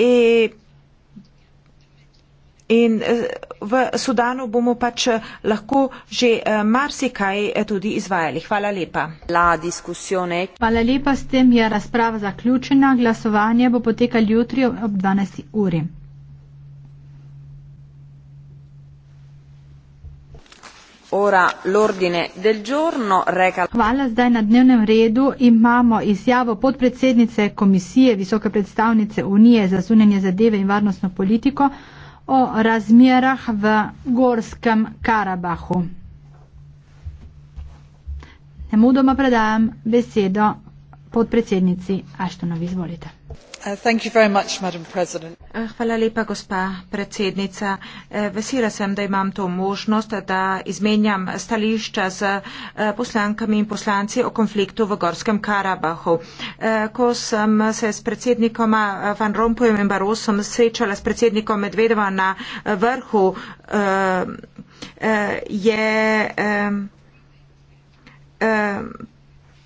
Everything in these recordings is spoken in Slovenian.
E, in eh, v Sudanu bomo pač eh, lahko že eh, marsikaj tudi izvajali. Hvala lepa. Hvala lepa, s tem je razprava zaključena. Glasovanje bo potekalo jutri ob 12. uri. Hvala. Zdaj na dnevnem redu imamo izjavo podpredsednice komisije, visoke predstavnice Unije za zunanje zadeve in varnostno politiko o razmerah v Gorskem Karabahu. Nemudoma predajam besedo podpredsednici Aštonovi. Izvolite. Uh, eh, hvala lepa, gospa predsednica. Eh, vesela sem, da imam to možnost, da izmenjam stališča z eh, poslankami in poslanci o konfliktu v Gorskem Karabahu. Ko sem se s predsednikom Van Rompuyem in Barosom srečala s predsednikom Medvedova na vrhu, je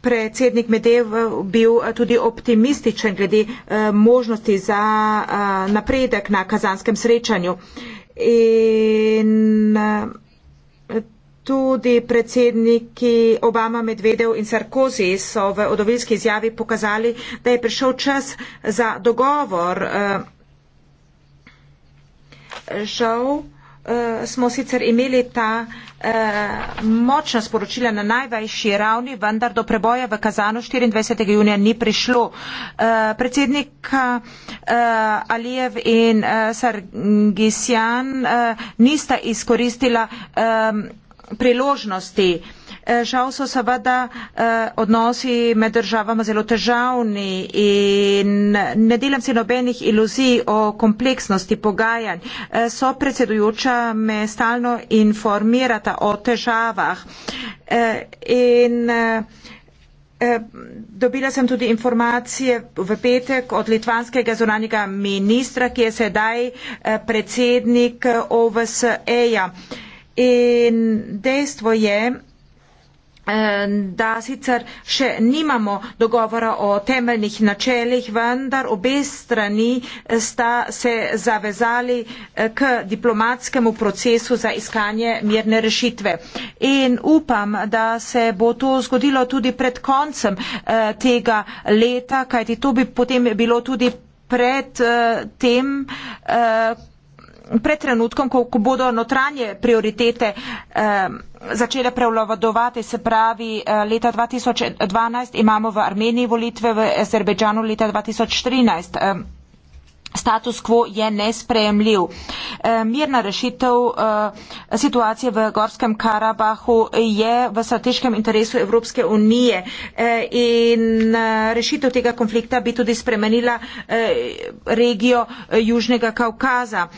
predsednik Medev bil tudi optimističen glede eh, možnosti za eh, napredek na kazanskem srečanju. In eh, tudi predsedniki Obama, Medvedev in Sarkozy so v odovinski izjavi pokazali, da je prišel čas za dogovor. Žal Eh, smo sicer imeli ta eh, močna sporočila na najvajši ravni, vendar do preboja v Kazanu 24. junija ni prišlo. Eh, Predsednik Alijev in Sargisjan nista izkoristila priložnosti Eh, žal so seveda eh, odnosi med državama zelo težavni in ne delam si nobenih iluzij o kompleksnosti pogajanj. Eh, so predsedujoča me stalno informirata o težavah eh, in eh, eh Dobila sem tudi informacije v petek od litvanskega zunanjega ministra, ki je sedaj eh, predsednik OVSE-ja. In dejstvo je, Eh, da sicer še nimamo dogovora o temeljnih načelih, vendar obe strani eh, sta se zavezali eh, k diplomatskemu procesu za iskanje mirne rešitve. In upam, da se bo to zgodilo tudi pred koncem tega leta, kajti to bi potem bilo tudi pred tem, pred trenutkom, ko, ko bodo notranje prioritete eh, začele prevladovati, se pravi eh, leta 2012 imamo v Armeniji volitve, v Azerbejdžanu leta 2013. Eh, status quo je nesprejemljiv. Eh, mirna rešitev eh, situacije v Gorskem Karabahu je v strateškem interesu Evropske unije eh, in rešitev tega konflikta bi tudi spremenila regijo Južnega Kaukaza.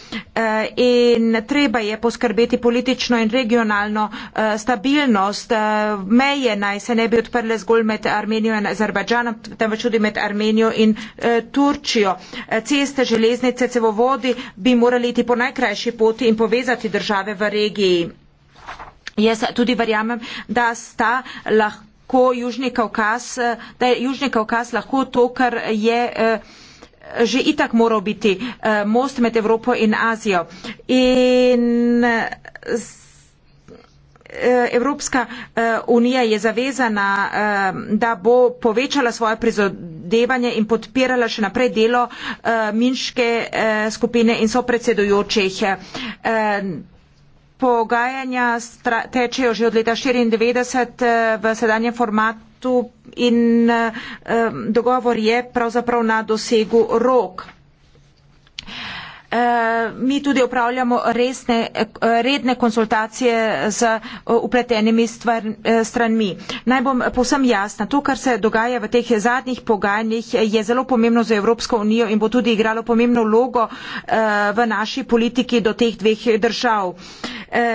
In treba je poskrbeti politično in regionalno stabilnost. Meje naj se ne bi odprle zgolj med Armenijo in Azerbajdžanom, temveč tudi med Armenijo in Turčijo. Ceste železnice, cevovodi bi morali iti po najkrajši poti in povezati države v regiji. Jaz tudi verjamem, da sta lahko Južni Kaukas, da je Južni Kaukas lahko to, kar je eh, že itak moral biti eh, most med Evropo in Azijo. In eh, Eh, Evropska eh, unija je zavezana, eh, da bo povečala svoje prizadevanje in podpirala še naprej delo minške skupine in sopredsedujočih. Pogajanja tečejo že od leta 1994 v sedanjem formatu in dogovor je pravzaprav na dosegu rok. Eh, mi tudi upravljamo resne, redne konsultacije z eh, upletenimi stvar, eh, stranmi. Naj bom povsem jasna, to, kar se dogaja v teh zadnjih pogajanjih, je zelo pomembno za Evropsko unijo in bo tudi igralo pomembno vlogo v naši politiki do teh dveh držav.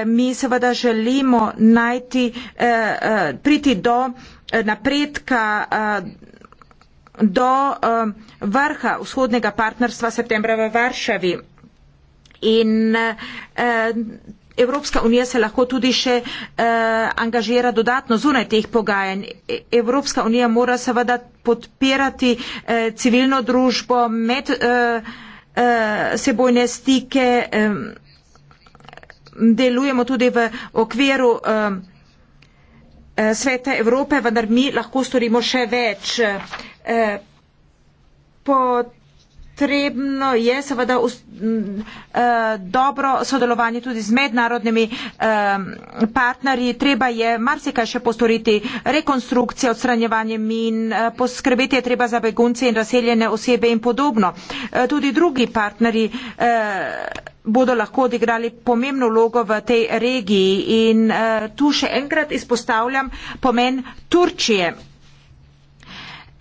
Mi seveda želimo najti, priti do napredka do eh, vrha vzhodnega partnerstva septembra v Varšavi. In eh, Evropska unija se lahko tudi še eh, angažira dodatno zunaj teh pogajanj. E, Evropska unija mora seveda podpirati civilno družbo med sebojne stike. Delujemo tudi v okviru sveta Evrope, vendar mi lahko storimo še več. Uh, Eh, potrebno je seveda uh, dobro sodelovanje tudi z mednarodnimi uh, partnerji. Treba je marsikaj še postoriti, rekonstrukcija, odstranjevanje min, uh, poskrbeti je treba za begunce in razseljene osebe in podobno. Uh, tudi drugi partnerji uh, bodo lahko odigrali pomembno vlogo v tej regiji in uh, tu še enkrat izpostavljam pomen Turčije.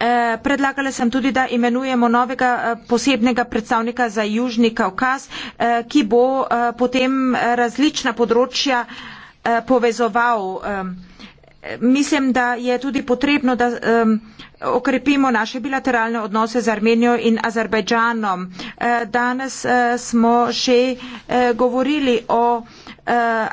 Eh, predlagala sem tudi, da imenujemo novega eh, posebnega predstavnika za Južni Kaukaz, eh, ki bo potem različna področja povezoval. Mislim, da je tudi potrebno, da um, okrepimo naše bilateralne odnose z Armenijo in Azerbajdžanom. Danes uh, smo še uh, govorili o uh,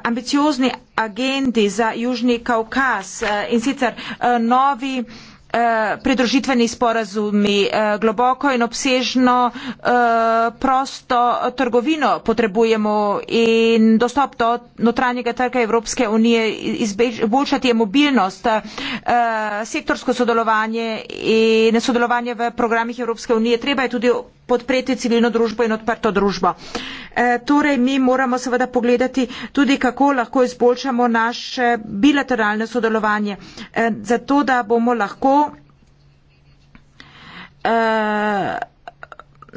ambiciozni agendi za Južni Kaukaz uh, in sicer uh, novi uh, Eh, pridružitveni sporazumi, eh, globoko in obsežno eh, prosto trgovino potrebujemo in dostop do notranjega trga Evropske unije, izboljšati je mobilnost, sektorsko sodelovanje in sodelovanje v programih Evropske unije. Treba je tudi podpreti civilno družbo in odprto družbo. E, torej, mi moramo seveda pogledati tudi, kako lahko izboljšamo naše bilateralne sodelovanje, e, zato da bomo lahko e,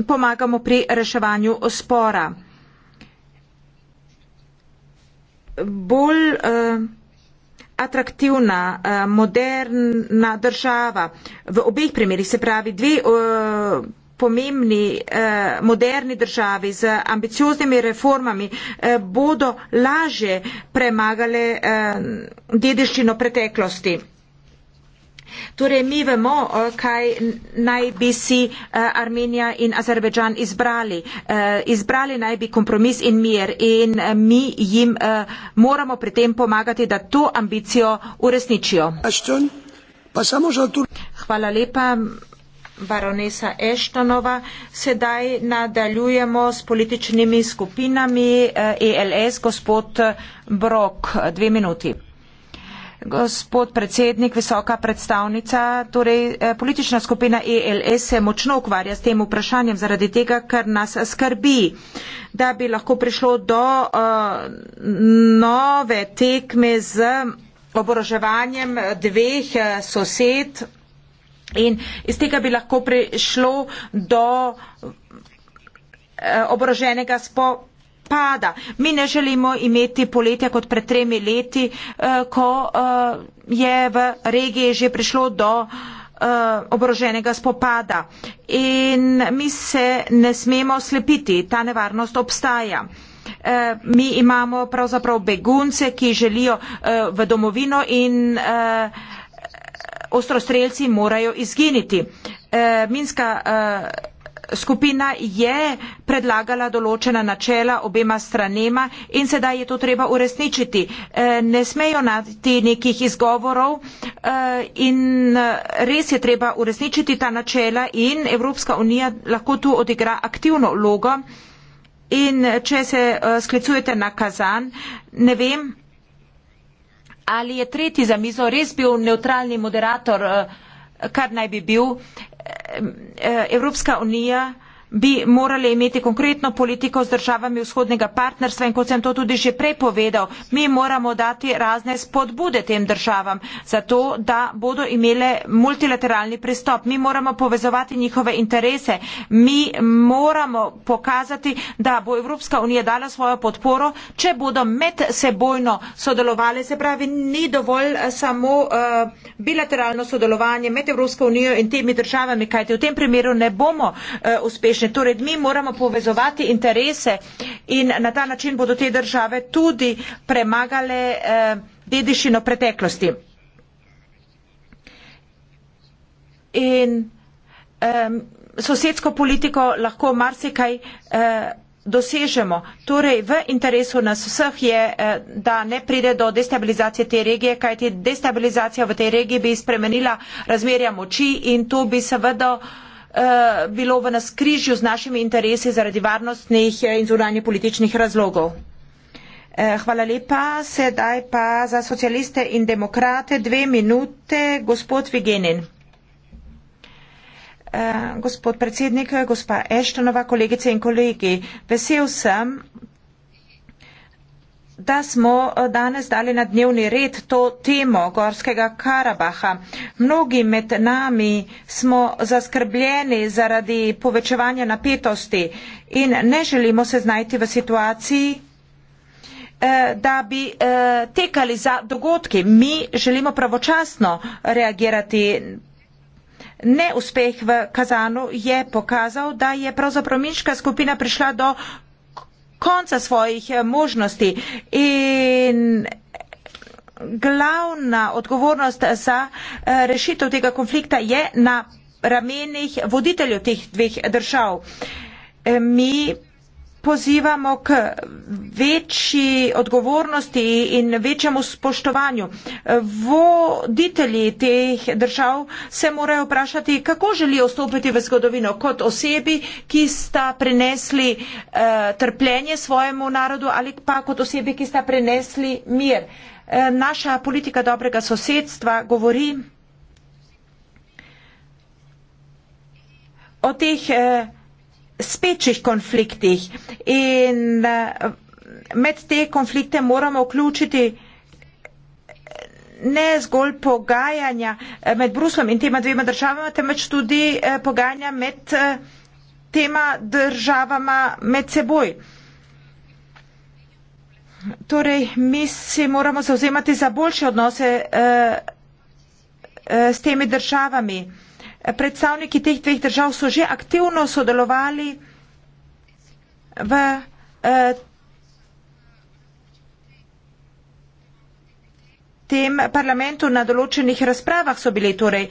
pomagamo pri reševanju spora. Bolj uh, atraktivna, uh, moderna država v obeh primerih, se pravi dve. Uh, pomembni eh, moderni državi z ambicioznimi reformami eh, bodo laže premagale eh, dediščino preteklosti. Torej, mi vemo, eh, kaj naj bi si eh, Armenija in Azerbejdžan izbrali. Eh, izbrali naj bi kompromis in mir in mi jim moramo pri tem pomagati, da to ambicijo uresničijo. Hvala lepa baronesa Eštonova. Sedaj nadaljujemo s političnimi skupinami ELS, eh, e gospod Brok, dve minuti. Gospod predsednik, visoka predstavnica, torej eh, politična skupina ELS se močno ukvarja s tem vprašanjem zaradi tega, ker nas skrbi, da bi lahko prišlo do uh, nove tekme z oboroževanjem dveh sosed In iz tega bi lahko prišlo do eh, oboroženega spopada. Mi ne želimo imeti poletja kot pred tremi leti, eh, ko eh, je v regiji že prišlo do oboroženega spopada. In mi se ne smemo slepiti, ta nevarnost obstaja. Mi imamo pravzaprav begunce, ki želijo v domovino in ostrostrelci morajo izginiti. E, Minska e, skupina je predlagala določena načela obema stranema in sedaj je to treba uresničiti. E, ne smejo nati nekih izgovorov e, in res je treba uresničiti ta načela in Evropska unija lahko tu odigra aktivno vlogo. In če se uh, sklicujete na kazan, ne vem, ali je tretji za mizo res bil neutralni moderator, eh, kar naj bi bil. Eh, eh, Evropska unija bi morali imeti konkretno politiko z državami vzhodnega partnerstva in kot sem to tudi že prej povedal, mi moramo dati razne spodbude tem državam, zato da bodo imele multilateralni pristop. Mi moramo povezovati njihove interese, mi moramo pokazati, da bo Evropska unija dala svojo podporo, če bodo med sebojno sodelovali. Se pravi, ni dovolj eh, samo uh, bilateralno sodelovanje med Evropsko unijo in temi državami, kajte v tem primeru ne bomo uh, uspešni uspešne. Torej, mi moramo povezovati interese in na ta način bodo te države tudi premagale eh, dedišino preteklosti. In eh, sosedsko politiko lahko marsikaj eh, dosežemo. Torej, v interesu nas vseh je, eh, da ne pride do destabilizacije te regije, kajti destabilizacija v tej regiji bi spremenila razmerja moči in to bi seveda. Eh, Eh, bilo v naskrižju z našimi interesi zaradi varnostnih eh, in zunanje političnih razlogov. Eh, hvala lepa. Sedaj pa za socialiste in demokrate dve minute, gospod Vigenin. Gospod predsednik, gospa Eštonova, kolegice in kolegi, vesel sem, da smo eh, danes dali na dnevni red to temo Gorskega Karabaha. Mnogi med nami smo zaskrbljeni zaradi povečevanja napetosti in ne želimo se znajti v situaciji, eh, da bi eh, tekali za dogodki. Mi želimo pravočasno reagirati. Neuspeh v Kazanu je pokazal, da je pravzaprav Minška skupina prišla do konca svojih eh, možnosti in glavna odgovornost za eh, rešitev tega konflikta je na ramenih voditeljev teh dveh držav. Eh, mi pozivamo k večji odgovornosti in večjemu spoštovanju. Voditelji teh držav se morajo vprašati, kako želijo stopiti v zgodovino kot osebi, ki sta prinesli eh, trpljenje svojemu narodu ali pa kot osebi, ki sta prinesli mir. Eh, naša politika dobrega sosedstva govori o teh eh, spečih konfliktih in eh, med te konflikte moramo vključiti ne zgolj pogajanja eh, med Bruslom in tema dvema državama, temveč tudi eh, pogajanja med tema državama med seboj. Torej, mi se moramo zauzemati za boljše odnose eh, eh, s temi državami. Eh, predstavniki teh dveh držav so že aktivno sodelovali v eh, tem parlamentu na določenih razpravah so bili torej.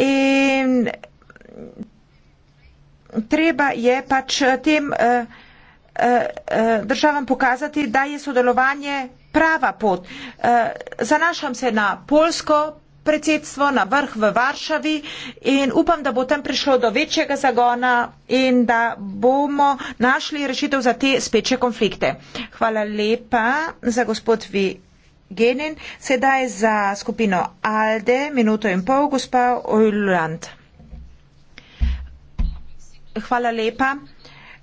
In treba je pač eh, tem eh, državam pokazati, da je sodelovanje prava pot. Zanašam se na Polsko, predsedstvo, na vrh v Varšavi in upam, da bo tam prišlo do večjega zagona in da bomo našli rešitev za te speče konflikte. Hvala lepa za gospod Vigenin. Sedaj za skupino Alde, minuto in pol, gospa Ojlant. Hvala lepa.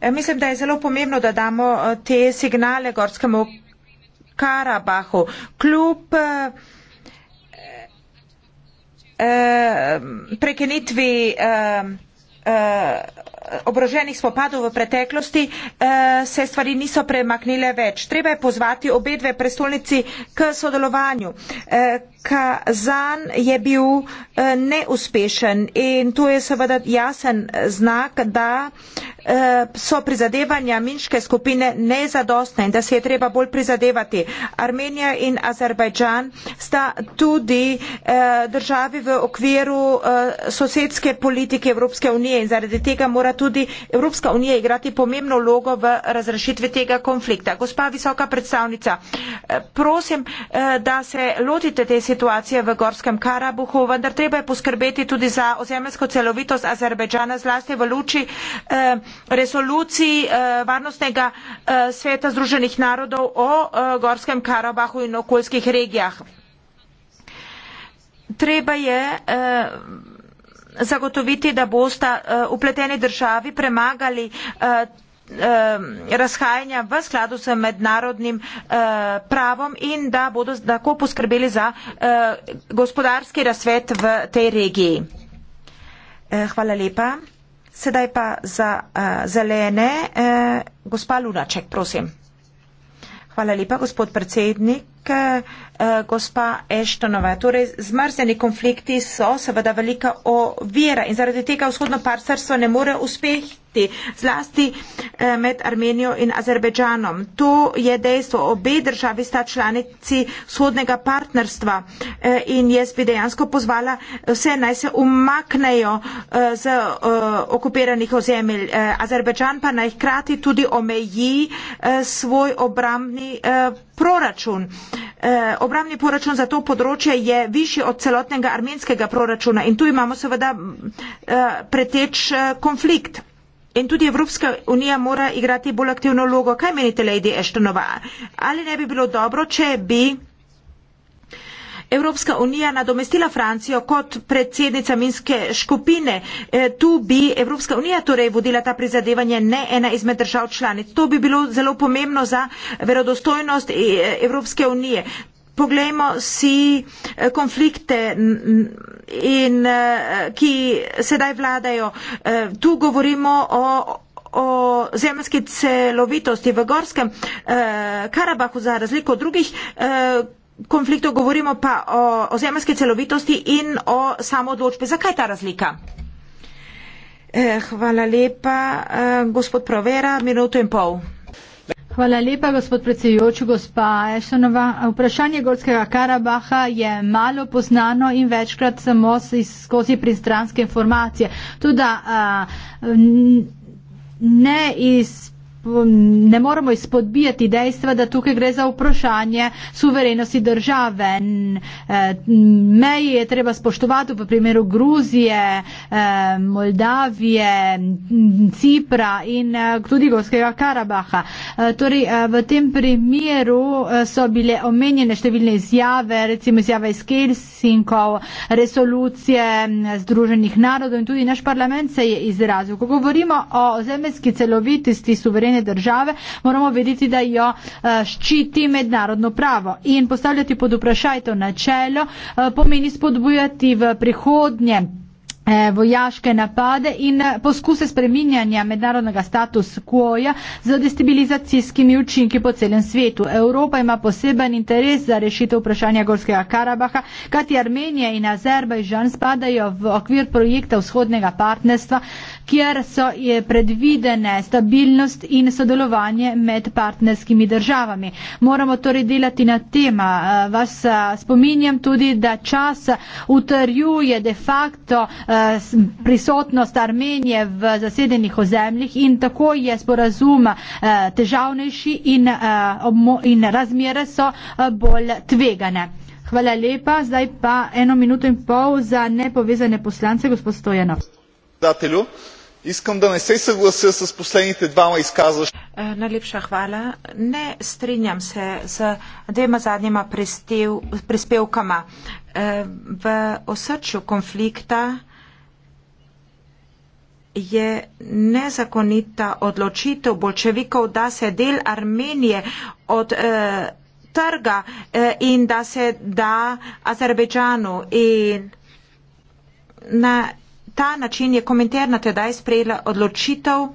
E, mislim, da je zelo pomembno, da damo e, te signale gorskemu Karabahu. Kljub uh, Eh, prekinitvi uh, uh, oboroženih spopadov v preteklosti eh, se stvari niso premaknile več. Treba je pozvati obe dve prestolnici k sodelovanju. Eh, Kazan je bil eh, neuspešen in to je seveda jasen znak, da so prizadevanja minške skupine nezadostne in da se je treba bolj prizadevati. Armenija in Azerbajdžan sta tudi državi v okviru sosedske politike Evropske unije in zaradi tega mora tudi Evropska unija igrati pomembno vlogo v razrešitvi tega konflikta. Gospa visoka predstavnica, eh, prosim, eh, da se lotite te situacije v Gorskem Karabuhu, vendar treba je poskrbeti tudi za ozemljsko celovitost Azerbejdžana, zlasti v luči eh, resoluciji Varnostnega sveta Združenih narodov o Gorskem Karabahu in okoljskih regijah. Treba je. Uh zagotoviti, da boste eh, upleteni državi premagali eh, eh, razhajanja v skladu s mednarodnim pravom in da bodo tako poskrbeli za gospodarski razvet v tej regiji. Hvala lepa. Sedaj pa za zelene. Gospa Lunaček, prosim. Hvala lepa, gospod predsednik ampak, uh, eh, gospa Eštonova, torej zmrzeni konflikti so seveda velika ovira in zaradi tega vzhodno partnerstvo ne more uspeti konflikti, zlasti eh, med Armenijo in Azerbejdžanom. To je dejstvo. Obe državi sta članici vzhodnega partnerstva eh, in jaz bi dejansko pozvala eh, vse naj se umaknejo z okupiranih ozemelj. Azerbejdžan pa naj hkrati tudi omeji svoj obramni proračun. Obramni proračun za to področje je višji od celotnega armenskega proračuna in tu imamo seveda preteč konflikt. In tudi Evropska unija mora igrati bolj aktivno vlogo. Kaj menite, Lady Eštonova? Ali ne bi bilo dobro, če bi Evropska unija nadomestila Francijo kot predsednica Minske skupine? E, tu bi Evropska unija torej vodila ta prizadevanje, ne ena izmed držav članic. To bi bilo zelo pomembno za verodostojnost e, Evropske unije. Poglejmo si eh, konflikte, in, eh, ki sedaj vladajo. Eh, tu govorimo o, o zemljski celovitosti v Gorskem Karabahu za razliko od drugih konfliktov, govorimo pa o, o zemljski celovitosti in o samodločbi. Zakaj ta razlika? Hvala lepa, gospod Provera, minuto in pol. Hvala lepa, gospod predsedujoči, gospa Ešanova. Vprašanje Gorskega Karabaha je malo poznano in večkrat samo skozi pristranske informacije. Tudi ne iz ne moramo izpodbijati dejstva, da tukaj gre za vprašanje suverenosti države. E, meje je treba spoštovati v primeru Gruzije, e, Moldavije, Cipra in e, tudi Gorskega Karabaha. Torej, v tem primeru so bile omenjene številne izjave, recimo izjave iz Kelsinkov, resolucije Združenih narodov in tudi naš parlament se je izrazil. Ko govorimo o zemljski celovitosti suverenosti, njene države, moramo vedeti, da jo eh, ščiti mednarodno pravo. In postavljati pod vprašaj to načelo eh, pomeni spodbujati v prihodnje eh, vojaške napade in poskuse spreminjanja mednarodnega status quoja z destabilizacijskimi učinki po celem svetu. Evropa ima poseben interes za rešitev vprašanja Gorskega Karabaha, kati Armenija in Azerbajžan spadajo v okvir projekta vzhodnega partnerstva, kjer so predvidene stabilnost in sodelovanje med partnerskimi državami. Moramo torej delati na tema. Vas spominjam tudi, da čas utrjuje de facto prisotnost Armenije v zasedenih ozemljih in tako je sporazum težavnejši in, in razmere so bolj tvegane. Hvala lepa, zdaj pa eno minuto in pol za nepovezane poslance, gospod Stojanov председателю искам да не се съглася с последните двама изказващи. Najlepša hvala. Ne strinjam se z dvema zadnjima prispevkama. V osrčju konflikta je nezakonita odločitev bolševikov, da se del Armenije od eh, trga eh, in da se da Azerbejdžanu in na ta način je komentarna tedaj sprejela odločitev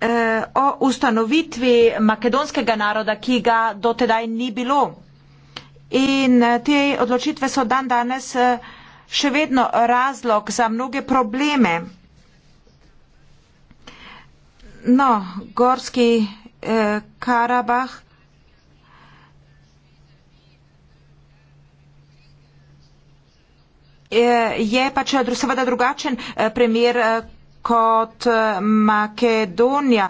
eh, o ustanovitvi makedonskega naroda, ki ga do tedaj ni bilo. In eh, te odločitve so dan danes eh, še vedno razlog za mnoge probleme. No, Gorski eh, Karabah. Eh, je pač eh, seveda drugačen eh, primer kot Makedonija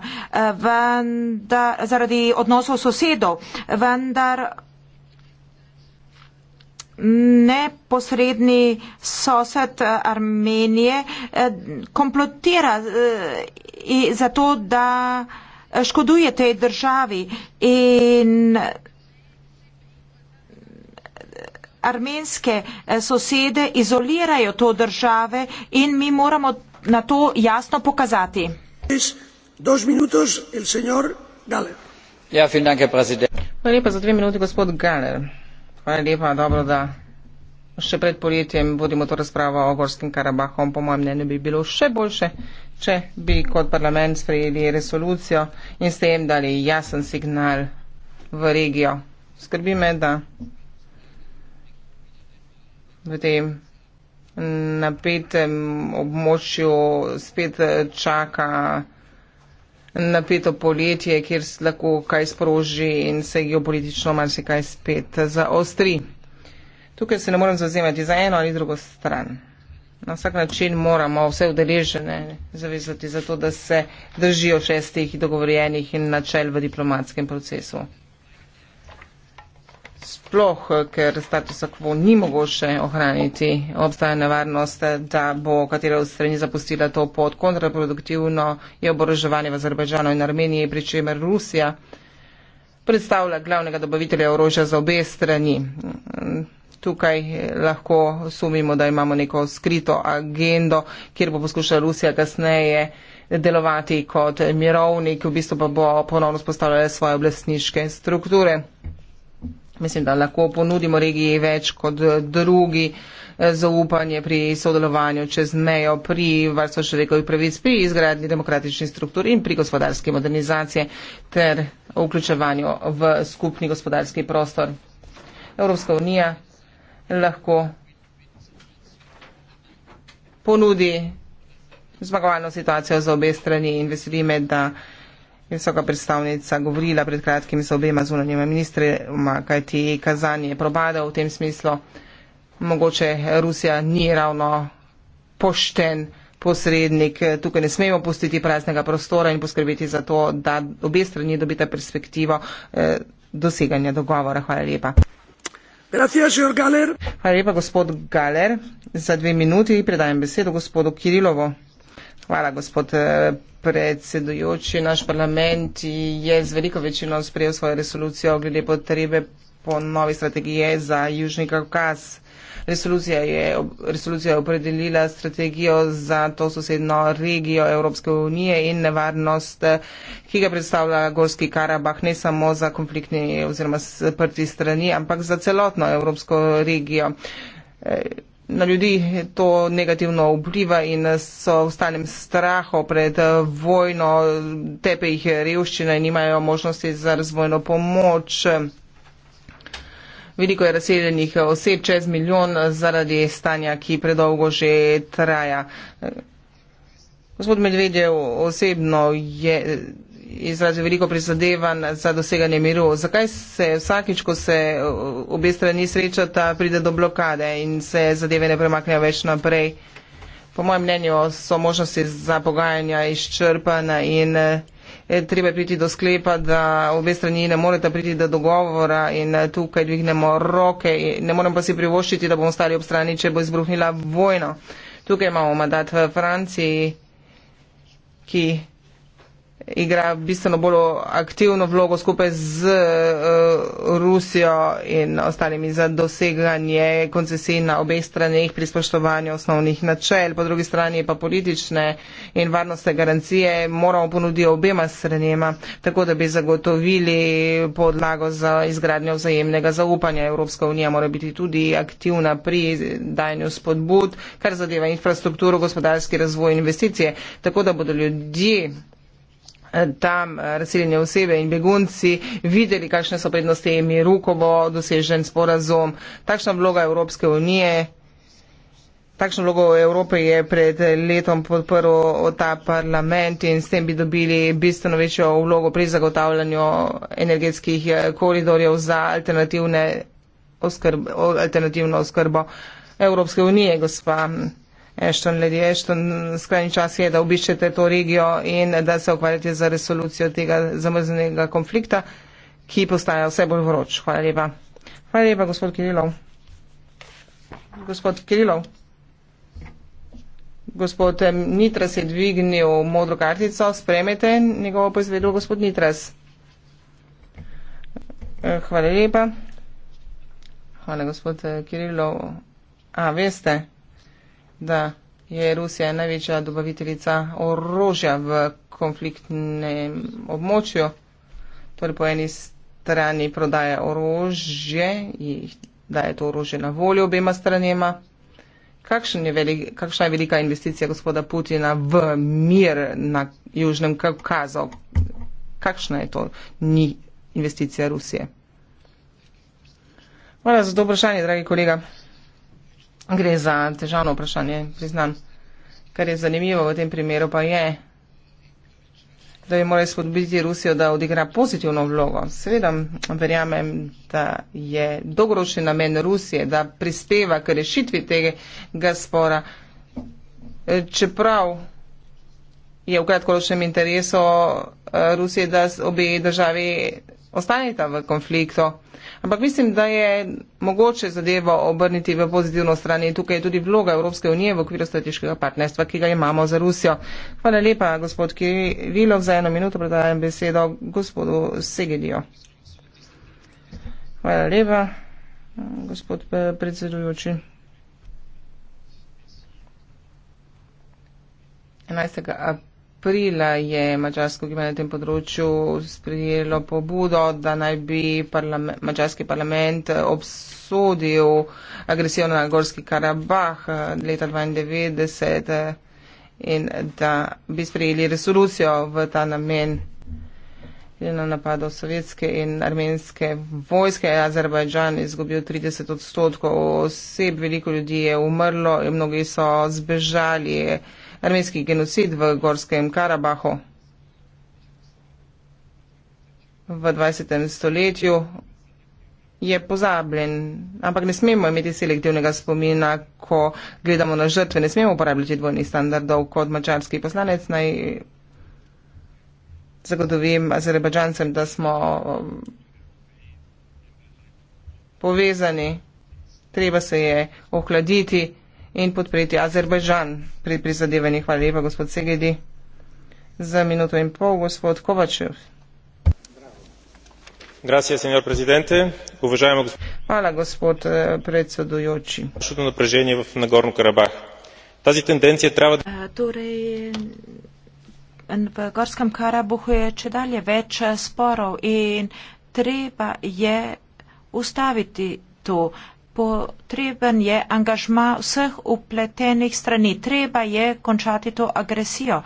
vendar, zaradi odnosov sosedov, vendar neposredni sosed Armenije komplotira zato, da škoduje tej državi in armenske eh, sosede izolirajo to države in mi moramo na to jasno pokazati. Ja, Hvala lepa za dve minuti, gospod Galer. Hvala lepa, dobro, da še pred poletjem vodimo to razpravo o Gorskem Karabahu. Po mojem mnenju bi bilo še boljše, če bi kot parlament sprejeli resolucijo in s tem dali jasen signal v regijo. Skrbi me, da v tem napetem območju spet čaka napeto poletje, kjer se lahko kaj sproži in se geopolitično marsikaj spet zaostri. Tukaj se ne morem zauzemati za eno ali drugo stran. Na vsak način moramo vse udeležene zavezati za to, da se držijo šestih dogovorjenih in načel v diplomatskem procesu sploh, eh, ker statusa quo ni mogoče ohraniti, obstaja nevarnost, eh, da bo katera od strani zapustila to pot. Kontraproduktivno je oboroževanje v Azerbajdžanu in Armeniji, pri čemer Rusija predstavlja glavnega dobavitelja orožja za obe strani. Tukaj eh, lahko sumimo, da imamo neko skrito agendo, kjer bo poskušala Rusija kasneje delovati kot mirovnik, v bistvu pa bo ponovno spostavljala svoje oblastniške strukture. Mislim, da lahko ponudimo regiji več kot drugi eh, zaupanje pri sodelovanju čez mejo, pri varstvu človekovih pravic, pri izgradnji demokratičnih struktur in pri gospodarski modernizaciji ter vključevanju v skupni gospodarski prostor. Evropska unija lahko ponudi zmagovalno situacijo za obe strani in veseli me, da je visoka predstavnica govorila pred kratkim z obema zunanjima ministrima, kajti Kazan je propadal v tem smislu. Mogoče Rusija ni ravno pošten posrednik, tukaj ne smemo pustiti praznega prostora in poskrbeti za to, da obe strani dobita perspektivo eh, doseganja dogovora. Hvala lepa. Gracias, Hvala lepa, gospod Galer. Za dve minuti predajem besedo gospodu Kirilovu. Hvala, gospod eh, predsedujoči. Naš parlament je z veliko večino sprejel svojo resolucijo glede potrebe po novi strategiji za Južni Kaukaz. Resolucija je, resolucija je opredelila strategijo za to sosedno regijo Evropske unije in nevarnost, ki ga predstavlja Gorski Karabah ne samo za konfliktni oziroma sprti strani, ampak za celotno Evropsko regijo. Eh, na ljudi to negativno vpliva in so v stanem strahu pred vojno, tepe jih revščina in nimajo možnosti za razvojno pomoč. Veliko je razseljenih oseb, čez milijon, zaradi stanja, ki predolgo že traja. Gospod Medvedev osebno je izrazil veliko prizadevanj za doseganje miru. Zakaj se vsakič, ko se obe strani srečata, pride do blokade in se zadeve ne premaknejo več naprej? Po mojem mnenju so možnosti za pogajanja izčrpane in eh, treba je priti do sklepa, da obe strani ne moreta priti do dogovora in eh, tukaj dvignemo roke. Ne moremo pa si privoščiti, da bomo stali ob strani, če bo izbruhnila vojna. Tukaj imamo mandat v Franciji, ki igra bistveno bolj aktivno vlogo skupaj z eh, Rusijo in ostalimi za doseganje koncesij na obeh stranih pri spoštovanju osnovnih načel. Po drugi strani pa politične in varnostne garancije moramo ponuditi obema stranima, tako da bi zagotovili podlago za izgradnjo vzajemnega zaupanja. Evropska unija mora biti tudi aktivna pri dajanju spodbud, kar zadeva infrastrukturo, gospodarski razvoj in investicije, tako da bodo ljudje tam eh, razseljene osebe in begunci videli, kakšne so prednosti miru, ko bo dosežen sporazum, takšna vloga Evropske unije. Takšno vlogo Evrope je pred letom podprl ta parlament in s tem bi dobili bistveno večjo vlogo pri zagotavljanju energetskih eh, koridorjev za oskrb, alternativno oskrbo Evropske unije, gospa Ešton Ledi Ešton, skrajni čas je, da obiščete to regijo in da se ukvarjate za resolucijo tega zamrznega konflikta, ki postaja vse bolj vroč. Hvala lepa. Hvala lepa, gospod Kirilov. Gospod Kirilov. Gospod Nitras je dvignil modro kartico, spremete njegovo pozvedo, gospod Nitras. E, hvala lepa. Hvala, gospod eh, Kirilov. A, veste da je Rusija največja dobaviteljica orožja v konfliktnem območju. Torej po eni strani prodaje orožje, jih daje to orožje na voljo obema stranema. Kakšen je velik, kakšna je velika investicija gospoda Putina v mir na Južnem Kaukazu? Kakšna je to ni investicija Rusije? Hvala za to vprašanje, dragi kolega gre za težavno vprašanje, priznam. Kar je zanimivo v tem primeru pa je, da bi morali spodbuditi Rusijo, da odigra pozitivno vlogo. Seveda verjamem, da je dolgoročni namen Rusije, da prispeva k rešitvi tega spora. Čeprav je v kratkoročnem interesu eh, Rusije, da obe državi ostanete v konfliktu. Ampak mislim, da je mogoče zadevo obrniti v pozitivno stran in tukaj je tudi vloga Evropske unije v okviru strateškega partnerstva, ki ga imamo za Rusijo. Hvala lepa, gospod Kirilov, za eno minuto predajam besedo gospodu Segedijo. Hvala lepa, gospod eh, predsedujoči. 11. aprila aprila je mačarsko gibanje na tem področju sprejelo pobudo, da naj bi parlament, mačarski parlament obsodil agresijo na Gorski Karabah eh, leta 92 eh, in da bi sprejeli resolucijo v ta namen na napado sovjetske in armenske vojske. Azerbajdžan izgubil 30 odstotkov oseb, veliko ljudi je umrlo in mnogi so zbežali armenski genocid v Gorskem Karabahu. V 20. stoletju je pozabljen, ampak ne smemo imeti selektivnega spomina, ko gledamo na žrtve, ne smemo uporabljati dvojnih standardov kot mačarski poslanec. Naj zagotovim Azerbajdžancem, da smo um, povezani, treba se je ohladiti in podpreti Azerbajžan pri prizadevanjih. Hvala lepa, gospod Segedi. Za minuto in pol, gospod Kovačev. Gracias, senor presidente. Uvažajmo gospod. Hvala, gospod eh, predsedujoči. Šutno napreženje v Nagorno Karabah. Tazi tendencija treba... Uh, torej, v Gorskem Karabohu je če dalje več eh, sporov in treba je ustaviti to potreben je angažma vseh upletenih strani. Treba je končati to agresijo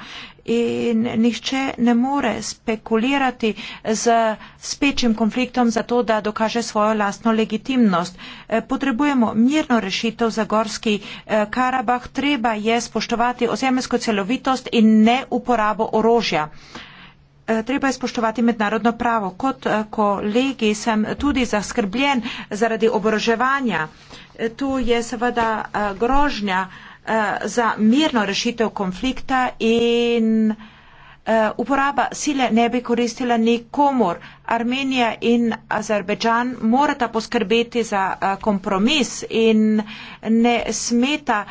in nihče ne more spekulirati z spečim konfliktom za to, da dokaže svojo lastno legitimnost. E, potrebujemo mirno rešitev za gorski e, Karabah, treba je spoštovati ozemljsko celovitost in ne uporabo orožja. Eh, treba je spoštovati mednarodno pravo. Kot eh, kolegi sem tudi zaskrbljen zaradi oboroževanja. Eh, tu je seveda grožnja za mirno rešitev konflikta in uporaba sile ne bi koristila nikomor. Armenija in Azerbejdžan morata poskrbeti za kompromis in ne smeta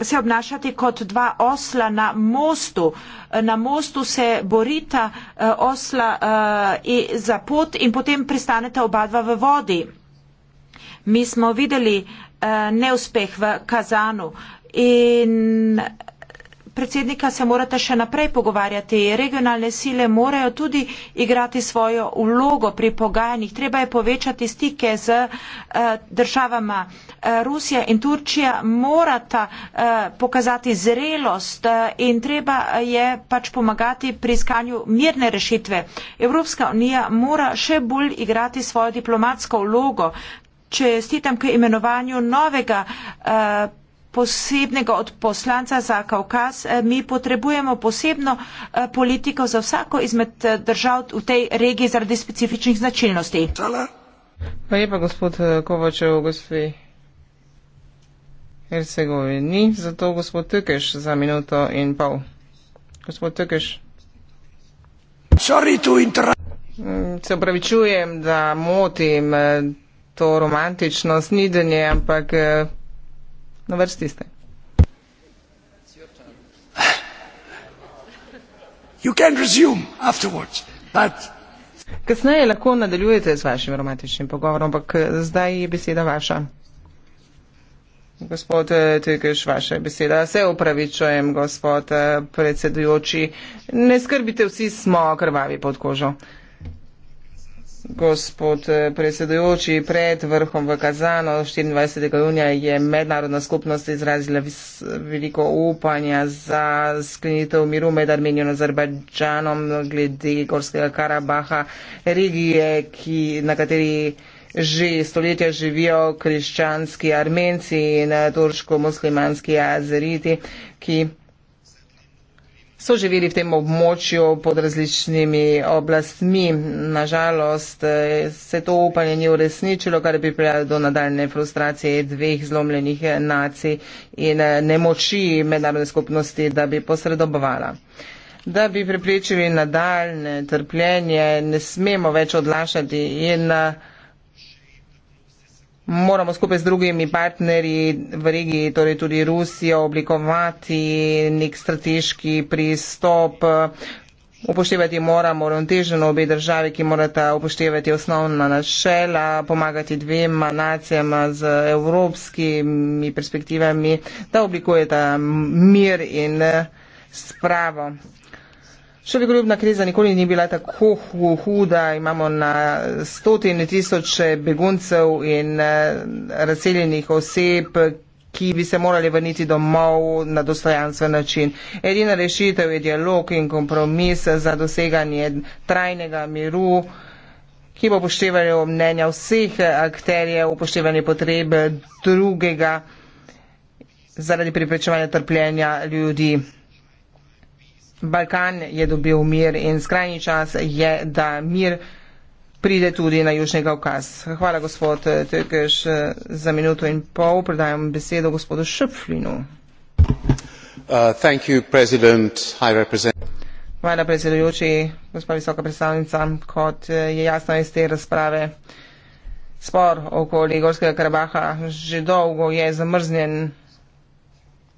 se obnašati kot dva osla na mostu. Na mostu se borita eh, osla eh, za pot in potem pristaneta oba dva v vodi. Mi smo videli eh, neuspeh v Kazanu in predsednika se morate še naprej pogovarjati. Regionalne sile morajo tudi igrati svojo vlogo pri pogajanjih. Treba je povečati stike z eh, državama. Eh, Rusija in Turčija morata eh, pokazati zrelost in treba je pač pomagati pri iskanju mirne rešitve. Evropska unija mora še bolj igrati svojo diplomatsko vlogo. Čestitam k imenovanju novega uh, posebnega od poslanca za Kaukaz. Eh, mi potrebujemo posebno eh, politiko za vsako izmed eh, držav v tej regiji zaradi specifičnih značilnosti. Pa je pa gospod Kovačev, gospod Hercegovini, zato gospod Tukeš za minuto in pol. Gospod Tukeš. Sorry to interrupt. Mm, se opravičujem, da motim to romantično snidenje, ampak Na vrsti ste. Kasneje lahko nadaljujete z vašim romantičnim pogovorom, ampak eh, zdaj je beseda vaša. Gospod eh, Tekeš, vaša beseda. Se upravičujem, gospod eh, predsedujoči. Ne skrbite, vsi smo krvavi pod kožo. Gospod eh, predsedujoči, pred vrhom v Kazano 24. junija je mednarodna skupnost izrazila veliko upanja za sklenitev miru med Armenijo in Azerbajdžanom glede Gorskega Karabaha, regije, ki, na kateri že stoletja živijo krščanski Armenci in turško-muslimanski Azeriti, ki so živeli v tem območju pod različnimi oblastmi. Nažalost eh, se to upanje ni uresničilo, kar bi prijalo do nadaljne frustracije dveh zlomljenih nacij in eh, nemoči mednarodne skupnosti, da bi posredobovala. Da bi preprečili nadaljne trpljenje, ne smemo več odlašati in eh, moramo skupaj z drugimi partnerji v regiji, torej tudi Rusijo, oblikovati nek strateški pristop. Upoštevati moramo ravnoteženo obe države, ki morata upoštevati osnovna načela, pomagati dvema nacijama z evropskimi perspektivami, da oblikujeta mir in spravo. Šele grobna kriza nikoli ni bila tako huda, imamo na stotine tisoče beguncev in eh, razseljenih oseb, ki bi se morali vrniti domov na dostojanstven način. Edina rešitev je dialog in kompromis za doseganje trajnega miru, ki bo upoštevalo mnenja vseh akterjev, upoštevanje potreb drugega zaradi priprečevanja trpljenja ljudi. Balkan je dobil mir in skrajni čas je, da mir pride tudi na Južni Kaukaz. Hvala, gospod Tökeš, za minuto in pol. Predajam besedo gospodu Šepflinu. Uh, Hvala, predsedujoči, gospa visoka predstavnica. Kot eh, je jasno iz te razprave, spor okoli Gorskega Karabaha že dolgo je zamrznjen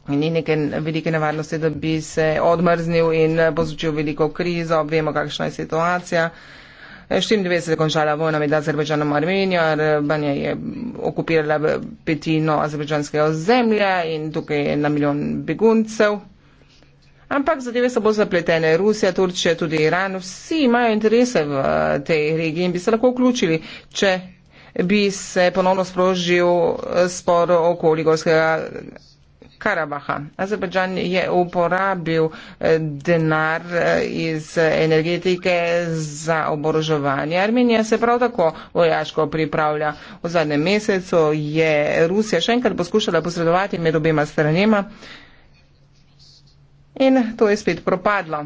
ni neke velike nevarnosti, da bi se odmrznil in pozvučil veliko krizo, vemo, kakšna je situacija. 94 je končala vojna med Azerbajdžanom in Armenijo, Armenija je okupirala petino azerbajdžanskega ozemlja in tukaj je na milijon beguncev. Ampak zadeve so bolj zapletene. Rusija, Turčija, tudi Iran, vsi imajo interese v tej regiji in bi se lahko vključili, če bi se ponovno sprožil spor okoli Gorskega Karabaha. Azerbajdžan je uporabil eh, denar eh, iz energetike za oboroževanje. Armenija se prav tako vojaško pripravlja. V zadnjem mesecu je Rusija še enkrat poskušala posredovati med obema stranima in to je spet propadlo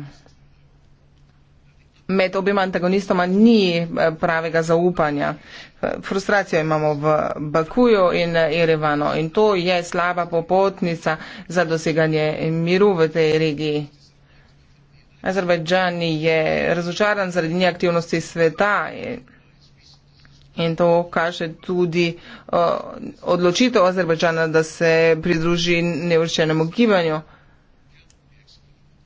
med obima antagonistoma ni eh, pravega zaupanja. Eh, frustracijo imamo v Bakuju in eh, Erevano in to je slaba popotnica za doseganje miru v tej regiji. Azerbajdžan je razočaran zaradi neaktivnosti sveta in to kaže tudi odločitev Azerbajdžana, da se pridruži neurčenemu gibanju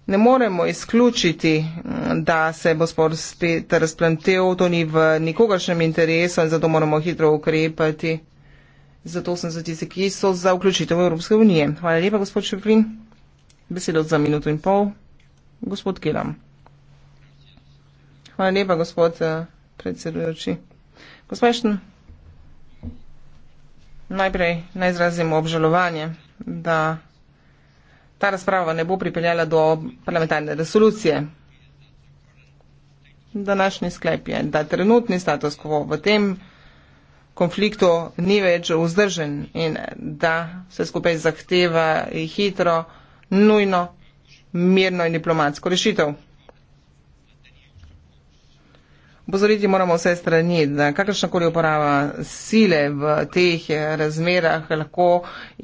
ne moremo izključiti, mm, da se bo spor spet razplantil, to ni v nikogaršnem interesu in zato moramo hitro ukrepati. Zato sem za tiste, ki so za vključitev Evropske unije. Hvala lepa, gospod Šefrin. Besedo za minuto in pol. Gospod Kiram. Hvala lepa, gospod eh, predsedujoči. Gospešn, najprej naj izrazim obžalovanje, da ta razprava ne bo pripeljala do parlamentarne resolucije. Današnji sklep je, da trenutni status quo v tem konfliktu ni več vzdržen in da se skupaj zahteva hitro, nujno, mirno in diplomatsko rešitev. Pozoriti moramo vse strani, da kakršna koli uporaba sile v teh razmerah lahko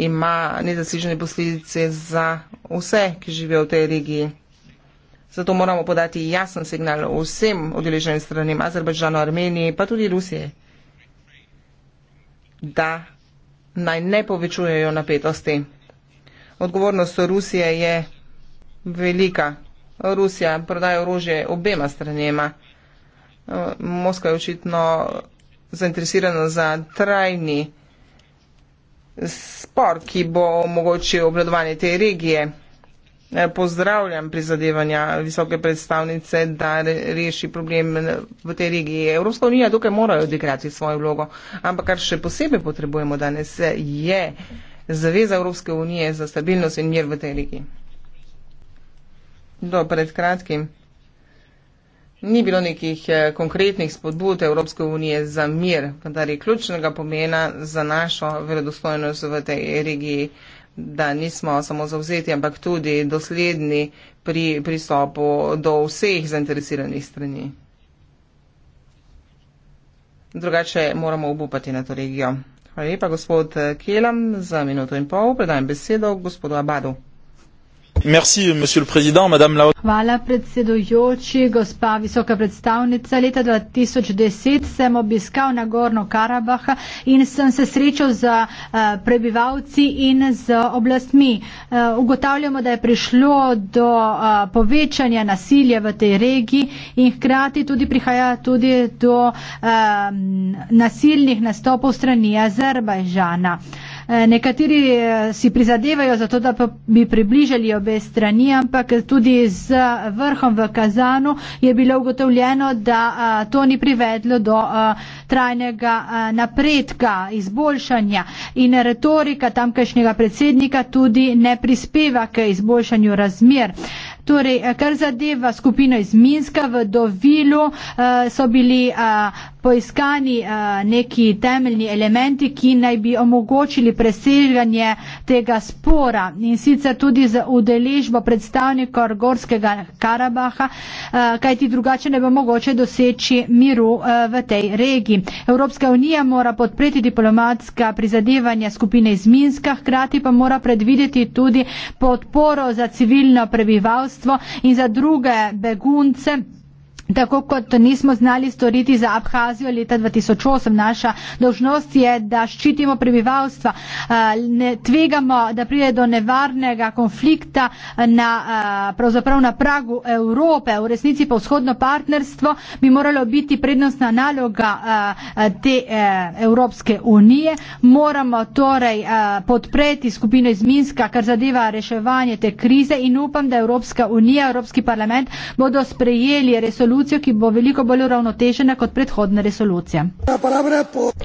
ima nezasižene posledice za vse, ki živijo v tej regiji. Zato moramo podati jasen signal vsem odeleženim stranim, Azerbajdžanu, Armeniji, pa tudi Rusiji, da naj ne povečujejo napetosti. Odgovornost Rusije je velika. Rusija prodaja orožje obema stranima. Moskva je očitno zainteresirana za trajni spor, ki bo omogočil obladovanje te regije. Eh, pozdravljam prizadevanja visoke predstavnice, da reši problem v tej regiji. Evropska unija tukaj mora odigrati svojo vlogo, ampak kar še posebej potrebujemo danes eh, je zaveza Evropske unije za stabilnost in mir v tej regiji. Do pred kratkim. Ni bilo nekih eh, konkretnih spodbud Evropske unije za mir, vendar je ključnega pomena za našo verodostojnost v tej regiji, da nismo samo zauzeti, ampak tudi dosledni pri pristopu do vseh zainteresiranih strani. Drugače moramo obupati na to regijo. Hvala lepa, gospod eh, Kelam, za minuto in pol predajem besedo gospodu Abadu. Merci, monsieur le président, madame la... Hvala predsedujoči, gospa visoka predstavnica. Leta 2010 sem obiskal Nagorno Karabah in sem se srečal z eh, prebivalci in z oblastmi. Eh, ugotavljamo, da je prišlo do eh, povečanja nasilja v tej regiji in hkrati tudi prihaja tudi do nasilnih nastopov strani Azerbajžana. Eh, nekateri eh, si prizadevajo za to, da bi približali obe strani, ampak tudi z vrhom v Kazanu je bilo ugotovljeno, da eh, to ni privedlo do trajnega napredka, izboljšanja in retorika tamkajšnjega predsednika tudi ne prispeva k izboljšanju razmer. Torej, eh, kar zadeva skupino iz Minska v Dovilu, eh, so bili eh, poiskani neki temeljni elementi, ki naj bi omogočili preseganje tega spora in sicer tudi za udeležbo predstavnikov Gorskega Karabaha, kajti drugače ne bo mogoče doseči miru v tej regiji. Evropska unija mora podpreti diplomatska prizadevanja skupine iz Minska, hkrati pa mora predvideti tudi podporo za civilno prebivalstvo prebivalstvo in za druge begunce. Tako kot nismo znali storiti za Abhazijo leta 2008, naša dožnost je, da ščitimo prebivalstva, eh, ne tvegamo, da pride do nevarnega konflikta eh, na, eh, pravzaprav na pragu Evrope. V resnici pa vzhodno partnerstvo bi moralo biti prednostna naloga te Evropske unije. Moramo torej podpreti skupino iz Minska, kar zadeva reševanje te krize in upam, da Evropska unija, Evropski parlament bodo sprejeli resolucijo resolucijo, ki bo veliko bolj uravnotežena kot predhodna resolucija.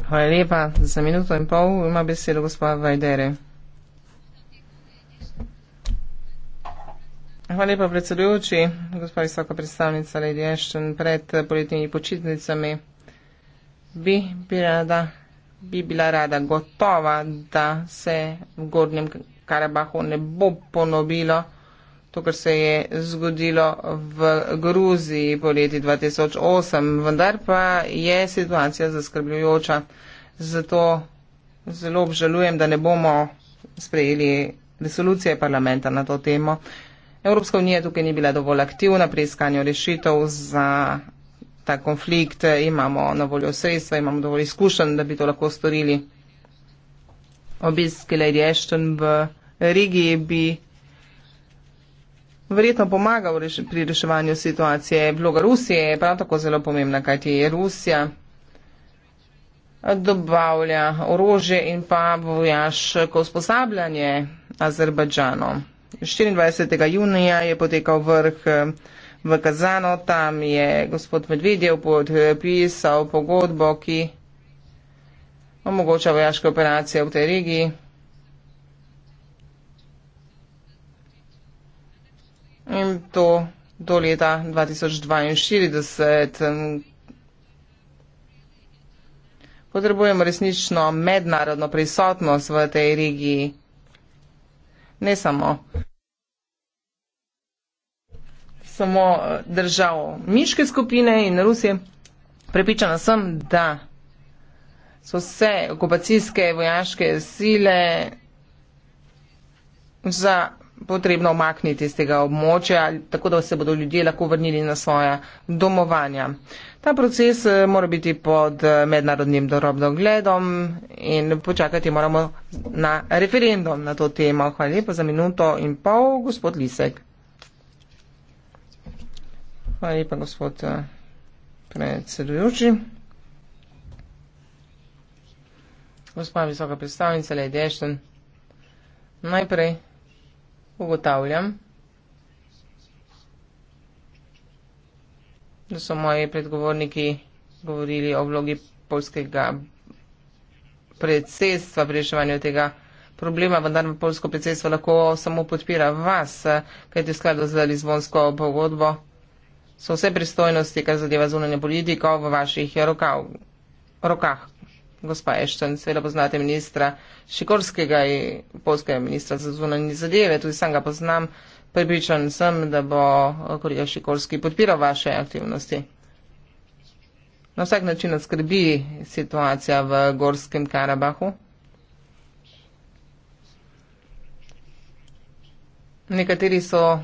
Hvala lepa. Za minuto in pol ima besedo gospod Vajdere. Hvala lepa, predsedujoči, gospod visoka predstavnica Lady Ashton, pred poletnimi počitnicami. Bi, bi, rada, bi bila rada gotova, da se v Gornjem Karabahu ne bo ponobilo to, kar se je zgodilo v Gruziji po leti 2008, vendar pa je situacija zaskrbljujoča. Zato zelo obžalujem, da ne bomo sprejeli resolucije parlamenta na to temo. Evropska unija tukaj ni bila dovolj aktivna pri iskanju rešitev za ta konflikt. Imamo na voljo sredstva, imamo dovolj izkušenj, da bi to lahko storili. Obisk Lady Ashton v Rigi bi verjetno pomagal reš pri reševanju situacije. Vloga Rusije je prav tako zelo pomembna, kajti Rusija dobavlja orože in pa vojaško usposabljanje Azerbajdžano. 24. junija je potekal vrh v Kazano, tam je gospod Medvedev podpisal pogodbo, ki omogoča vojaške operacije v tej regiji. In to do leta 2042. Potrebujemo resnično mednarodno prisotnost v tej regiji. Ne samo. Samo eh, držav Miške skupine in Rusije. Prepičana sem, da so vse okupacijske vojaške sile za potrebno omakniti iz tega območja, tako da se bodo ljudje lahko vrnili na svoja domovanja. Ta proces eh, mora biti pod eh, mednarodnim dorobnim gledom in počakati moramo na referendum na to temo. Hvala lepa za minuto in pol, gospod Lisek. Hvala lepa, gospod eh, predsedujoči. Gospa visoka predstavnica, Lady Ashton, najprej ugotavljam, da so moji predgovorniki govorili o vlogi polskega predsedstva pri reševanju tega problema, vendar polsko predsedstvo lahko samo podpira vas, kajti v skladu z Lizbonsko pogodbo so vse pristojnosti, kar zadeva zunanje politiko, v vaših rokah gospa Ešton, seveda poznate ministra Šikorskega in polskega ministra za zunanje zadeve, tudi sam ga poznam, pripričan sem, da bo eh, kolega Šikorski podpiral vaše aktivnosti. Na vsak način nas skrbi situacija v Gorskem Karabahu. Nekateri so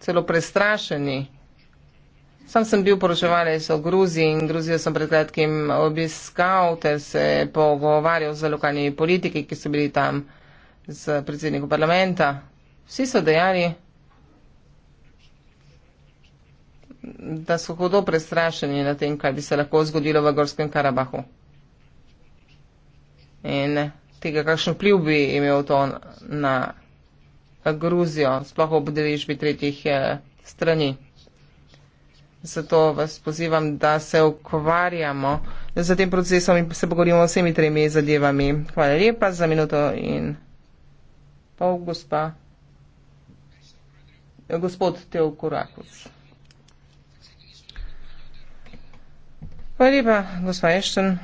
celo prestrašeni. Sam sem bil poročevalec o Gruziji in Gruzijo sem pred kratkim obiskal ter se pogovarjal z lokalnimi politiki, ki so bili tam z predsednikom parlamenta. Vsi so dejali, da so hodo prestrašeni na tem, kaj bi se lahko zgodilo v Gorskem Karabahu. In tega, kakšen vpliv bi imel to na Gruzijo, sploh ob deležbi tretjih eh, strani. Zato vas pozivam, da se ukvarjamo z tem procesom in se pogovorimo o vsemi tremi zadevami. Hvala lepa za minuto in pol, gospa. Gospod Teo Kurakus. Hvala lepa, gospa Ešten.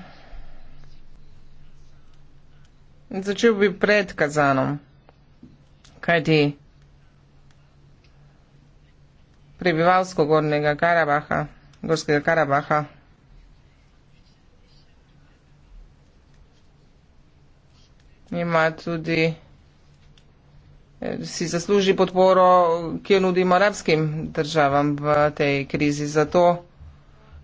Začel bi pred Kazanom. Kaj ti? prebivalstvo Gornjega Karabaha, Gorskega Karabaha. Ima tudi, eh, si zasluži podporo, ki jo nudimo arabskim državam v tej krizi. Zato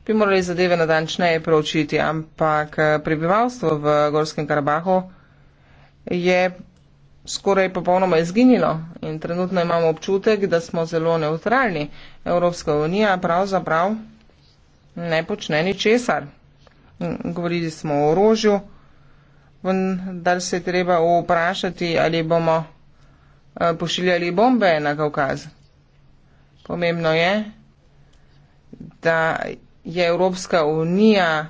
bi morali zadeve nadančneje proučiti, ampak eh, prebivalstvo v Gorskem Karabahu je skoraj popolnoma izginilo in trenutno imamo občutek, da smo zelo neutralni. Evropska unija pravzaprav ne počne ni česar. Govorili smo o orožju, vendar se je treba vprašati, ali bomo eh, pošiljali bombe na Kaukaz. Pomembno je, da je Evropska unija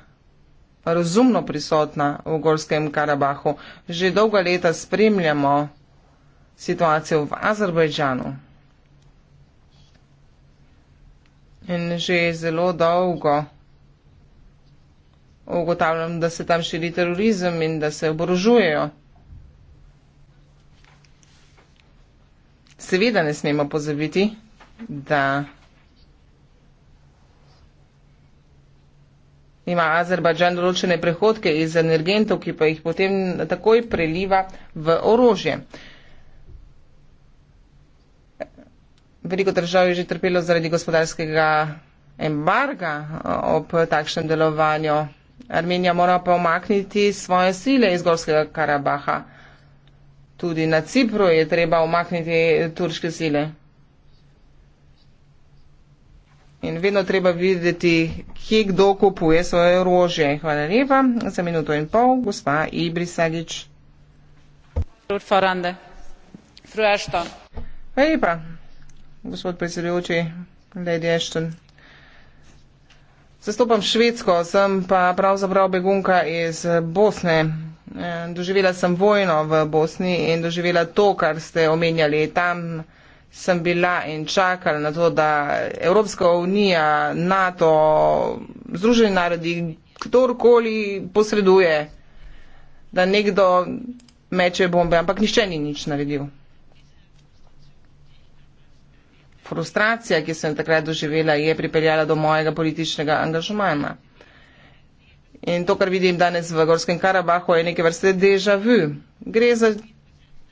razumno prisotna v Gorskem Karabahu. Že dolga leta spremljamo situacijo v Azerbajdžanu. In že zelo dolgo ugotavljam, da se tam širi terorizem in da se oborožujejo. Seveda ne smemo pozabiti, da ima Azerbajdžan določene prihodke iz energentov, ki pa jih potem takoj preliva v orožje. Veliko držav je že trpelo zaradi gospodarskega embarga eh, ob takšnem delovanju. Armenija mora pa omakniti svoje sile iz Gorskega Karabaha. Tudi na Cipru je treba omakniti turške sile. In vedno treba videti, kje kdo kupuje svoje orožje. Hvala lepa za minuto in pol, gospa Ibrisagič. Hvala lepa, gospod predsedujoči, lady Ashton. Zastopam Švedsko, sem pa pravzaprav begunka iz Bosne. E, doživela sem vojno v Bosni in doživela to, kar ste omenjali tam sem bila in čakala na to, da Evropska unija, NATO, Združeni narodi, kdorkoli posreduje, da nekdo meče bombe, ampak nišče ni nič naredil. Frustracija, ki sem takrat doživela, je pripeljala do mojega političnega angažmana. In to, kar vidim danes v Gorskem Karabahu, je neke vrste deja vu. Gre za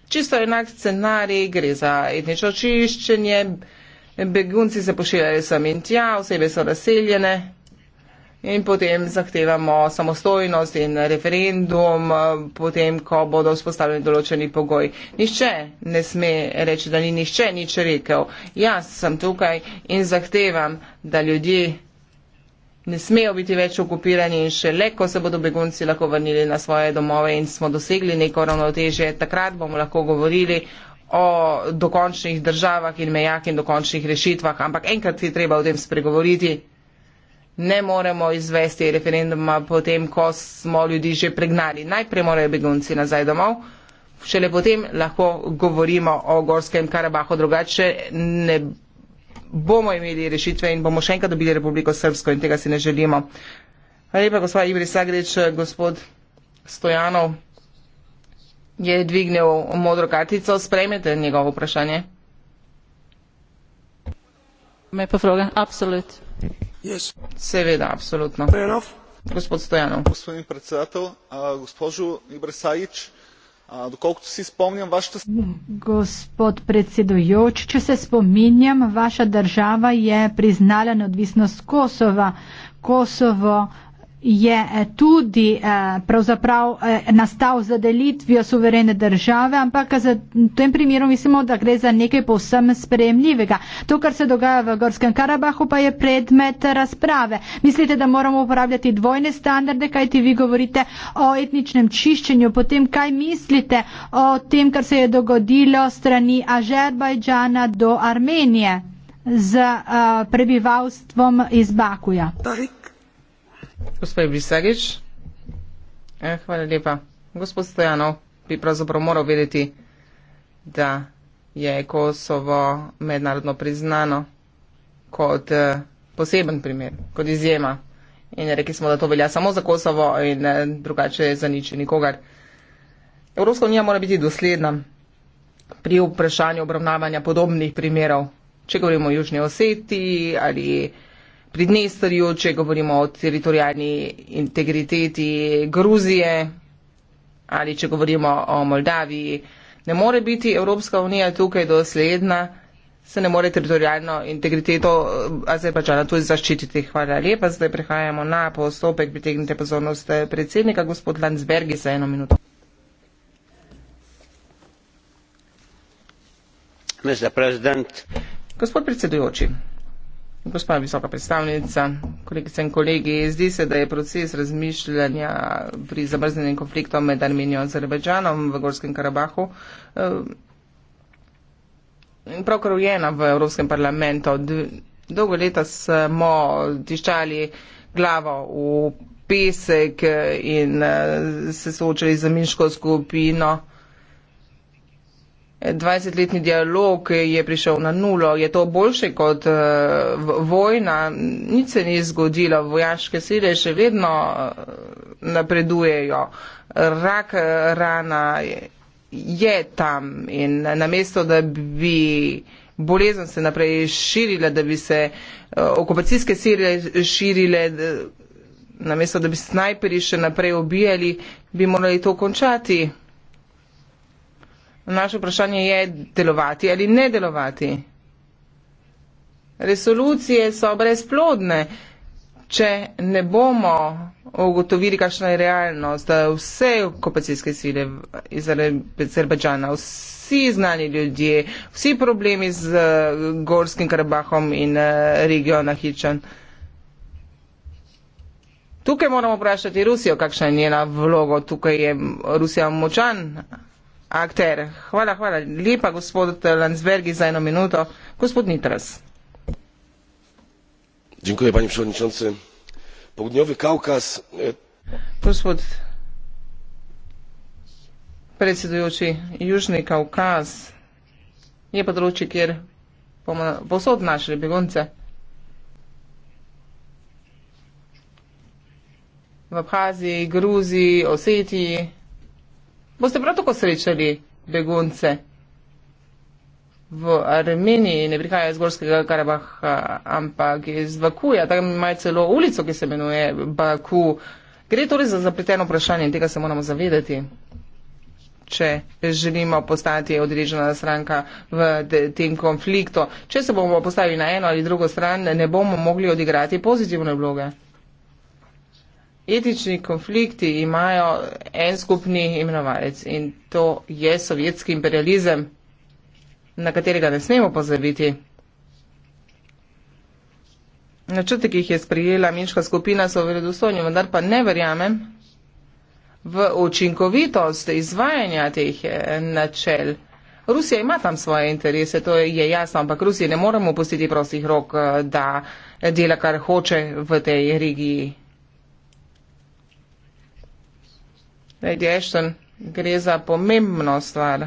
čisto enak scenarij, gre za etnično očiščenje, begunci se pošiljajo sem in tja, osebe so razseljene in potem zahtevamo samostojnost in referendum, potem, ko bodo vzpostavljeni določeni pogoji. Nihče ne sme reči, da ni nihče nič rekel. Jaz sem tukaj in zahtevam, da ljudje ne smejo biti več okupirani in šele, ko se bodo begunci lahko vrnili na svoje domove in smo dosegli neko ravnotežje, takrat bomo lahko govorili o dokončnih državah in mejah in dokončnih rešitvah. Ampak enkrat je treba o tem spregovoriti. Ne moremo izvesti referenduma potem, ko smo ljudi že pregnali. Najprej morajo begunci nazaj domov, šele potem lahko govorimo o Gorskem Karabahu, drugače ne bomo bomo imeli rešitve in bomo še enkrat dobili Republiko Srbsko in tega si ne želimo. Hvala lepa, gospa Ivri Sagrič, gospod Stojanov je dvignil modro kartico. Sprejmete njegovo vprašanje? Me pa vroga, absolut. Yes. Seveda, absolutno. Gospod Stojanov. Gospodin predsedatelj, gospod Ivri Sagrič, Доколкото си спомням, вашата. Господ председуюч, че се спомням, ваша държава е признала неодвисност Косова. Косово. Косово je eh, tudi eh, pravzaprav eh, nastal z delitvijo suverene države, ampak v tem primeru mislimo, da gre za nekaj povsem spremljivega. To, kar se dogaja v Gorskem Karabahu, pa je predmet razprave. Mislite, da moramo uporabljati dvojne standarde, kaj ti vi govorite o etničnem čiščenju, potem kaj mislite o tem, kar se je dogodilo strani Azerbajdžana do Armenije z prebivalstvom iz Bakuja? Gospod Biserič, eh, hvala lepa. Gospod Stojanov bi pravzaprav moral vedeti, da je Kosovo mednarodno priznano kot eh, poseben primer, kot izjema. In rekli smo, da to velja samo za Kosovo in eh, drugače za nič in nikogar. Evropska unija mora biti dosledna pri vprašanju obravnavanja podobnih primerov, če govorimo o Južni Osetiji ali. Pridnestrju, če govorimo o teritorijalni integriteti Gruzije ali če govorimo o Moldaviji, ne more biti Evropska unija tukaj dosledna, se ne more teritorijalno integriteto eh, Azerbajdžana tudi zaščititi. Hvala lepa, zdaj prehajamo na postopek, pritegnite pozornost eh, predsednika, gospod Landsbergi, za eno minuto. Gospod predsedujoči. Gospa visoka predstavnica, kolegice in kolegi, zdi se, da je proces razmišljanja pri zamrznenem konfliktu med Armenijo in Azerbajdžanom v Gorskem Karabahu eh, pravkar ujena v Evropskem parlamentu. Dolgo leta smo tiščali glavo v pesek in eh, se soočali z minsko skupino. Eh, 20-letni dialog je prišel na nulo, je to boljše kot uh, vojna, nič se ni zgodilo, vojaške sile še vedno eh, napredujejo, rak rana je tam in namesto, da bi bolezen se naprej širila, da bi se uh, okupacijske sile širile, namesto, da bi snajperi še naprej obijali, bi morali to končati. Naše vprašanje je delovati ali ne delovati. Resolucije so brezplodne, če ne bomo ugotovili, kakšna je realnost, da vse okupacijske sile iz Azerbajdžana, vsi znani ljudje, vsi problemi z eh, Gorskim Karabahom in eh, regijona Hičan. Tukaj moramo vprašati Rusijo, kakšna je njena vloga. Tukaj je Rusija močan akter. Hvala, hvala lepa, gospod Landsbergi, za eno minuto. Gospod Nitras. Dziękuję, panie przewodniczący. Południowy Kaukaz. E, gospod predsedujoči, Južni Kaukaz je področje, kjer bomo posod našli begonce. V Abhaziji, Gruziji, Osetiji. Boste prav tako srečali begunce v Armeniji, ne prihajajo iz Gorskega Karabaha, ampak iz Bakuja, tam imajo celo ulico, ki se imenuje Baku. Gre torej za zapleteno vprašanje in tega se moramo zavedati, če želimo postati odrežena stranka v tem konfliktu. Če se bomo postavili na eno ali drugo stran, ne bomo mogli odigrati pozitivne vloge. Etični konflikti imajo en skupni imenovalec in to je sovjetski imperializem, na katerega ne smemo pozabiti. Načrte, ki jih je sprijela minška skupina, so verodostojni, vendar pa ne verjamem v učinkovitost izvajanja teh eh, načel. Rusija ima tam svoje interese, to je jasno, ampak Rusiji ne moremo pustiti prostih rok, eh, da dela, kar hoče v tej regiji. Lady Ashton, gre za pomembno stvar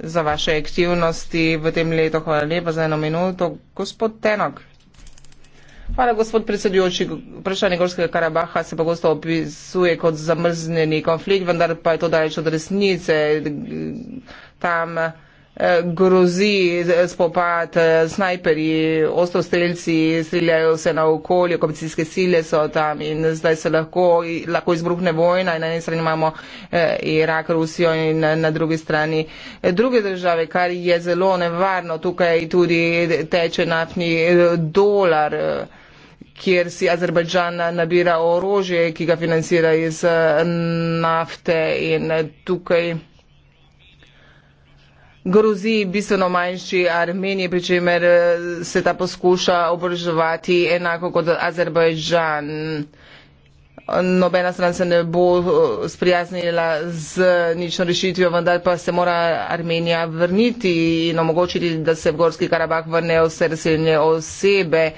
za vaše aktivnosti v tem letu. Hvala lepa za eno minuto. Gospod Tenok. Hvala, gospod predsedujoči. Vprašanje Gorskega Karabaha se pogosto opisuje kot zamrzneni konflikt, vendar pa je to daleč od resnice. Tam grozi spopad, snajperji, ostrostrelci streljajo se na okolje, komisijske sile so tam in zdaj se lahko, lahko izbruhne vojna in na eni strani imamo eh, Irak, Rusijo in na drugi strani eh, druge države, kar je zelo nevarno. Tukaj tudi teče naftni eh, dolar kjer si Azerbajdžan nabira orožje, ki ga financira iz nafte in tukaj grozi bistveno manjši Armeniji, pri čemer eh, se ta poskuša obrževati enako kot Azerbajdžan. Nobena stran se ne bo eh, sprijaznila z nično rešitvijo, vendar pa se mora Armenija vrniti in omogočiti, da se v Gorski Karabah vrnejo vse razseljene osebe,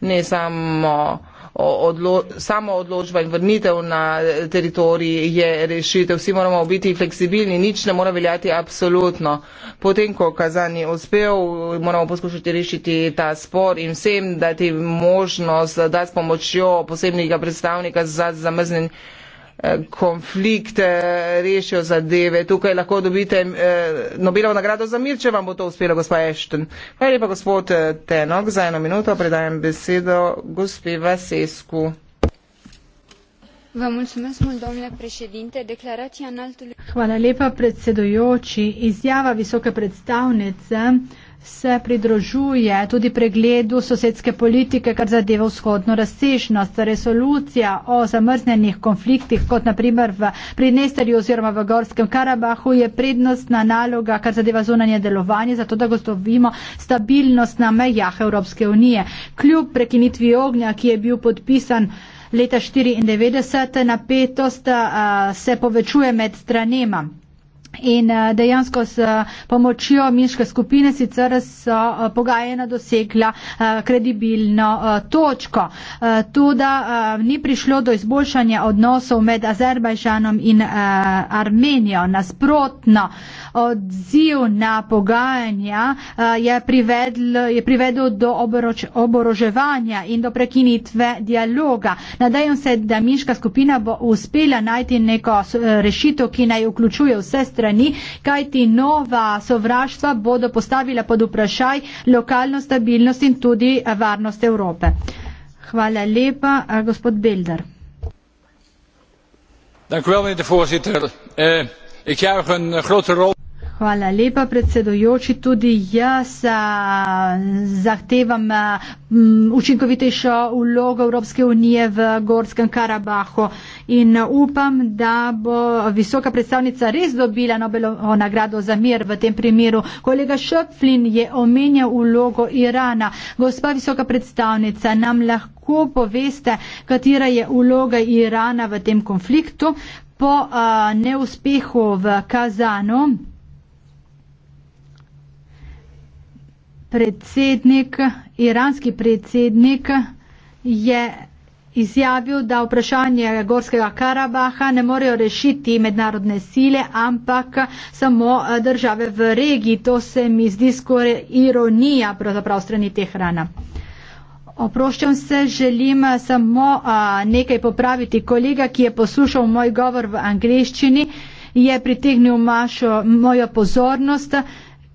ne samo odlo samo odložba in vrnitev na teritorij je rešitev. Vsi moramo biti fleksibilni, nič ne mora veljati absolutno. Potem, ko Kazan je uspel, moramo poskušati rešiti ta spor in vsem dati možnost, da s pomočjo posebnega predstavnika za zamrznjen konflikte, rešijo zadeve. Tukaj lahko dobite eh, Nobelovo nagrado za mir, če vam bo to uspelo, gospa Ešten. Hvala lepa, gospod eh, Tenok, za eno minuto predajam besedo gospe Vasesku. Hvala lepa predsedujoči. Izjava visoke predstavnice se pridružuje tudi pregledu sosedske politike, kar zadeva vzhodno razsežnost. Resolucija o zamrznjenih konfliktih, kot naprimer v Prinesterju oziroma v Gorskem Karabahu, je prednostna naloga, kar zadeva zunanje delovanje, zato da gotovimo stabilnost na mejah Evropske unije. Kljub prekinitvi ognja, ki je bil podpisan leta 1994 napetost se povečuje med stranema. In eh, dejansko s eh, pomočjo miške skupine sicer so eh, pogajena dosegla kredibilno točko. Tudi ni prišlo do izboljšanja odnosov med Azerbajžanom in Armenijo. Nasprotno, odziv na pogajanja je, privedl, je privedel do oboroč, oboroževanja in do prekinitve dialoga. Nadajam se, da miška skupina bo uspela najti neko rešitev, ki naj vključuje vse strani strani, kajti nova sovraštva bodo postavila pod vprašaj lokalno stabilnost in tudi eh, varnost Evrope. Hvala lepa, eh, gospod Bilder. Dank u wel, meneer de voorzitter. Uh, ik juich een grote rol. Hvala lepa, predsedojoči. Tudi jaz a, zahtevam a, m, učinkovitejšo vlogo Evropske unije v Gorskem Karabahu in upam, da bo visoka predstavnica res dobila Nobelovo nagrado za mir v tem primeru. Kolega Šöpflin je omenjal vlogo Irana. Gospa visoka predstavnica, nam lahko poveste, katera je vloga Irana v tem konfliktu po a, neuspehu v Kazanu? predsednik, iranski predsednik je izjavil, da vprašanje Gorskega Karabaha ne morejo rešiti mednarodne sile, ampak samo eh, države v regiji. To se mi zdi skoraj ironija, pravzaprav strani Tehrana. Oproščam se, želim eh, samo a, eh, nekaj popraviti. Kolega, ki je poslušal moj govor v angleščini, je pritegnil mašo, mojo pozornost. A,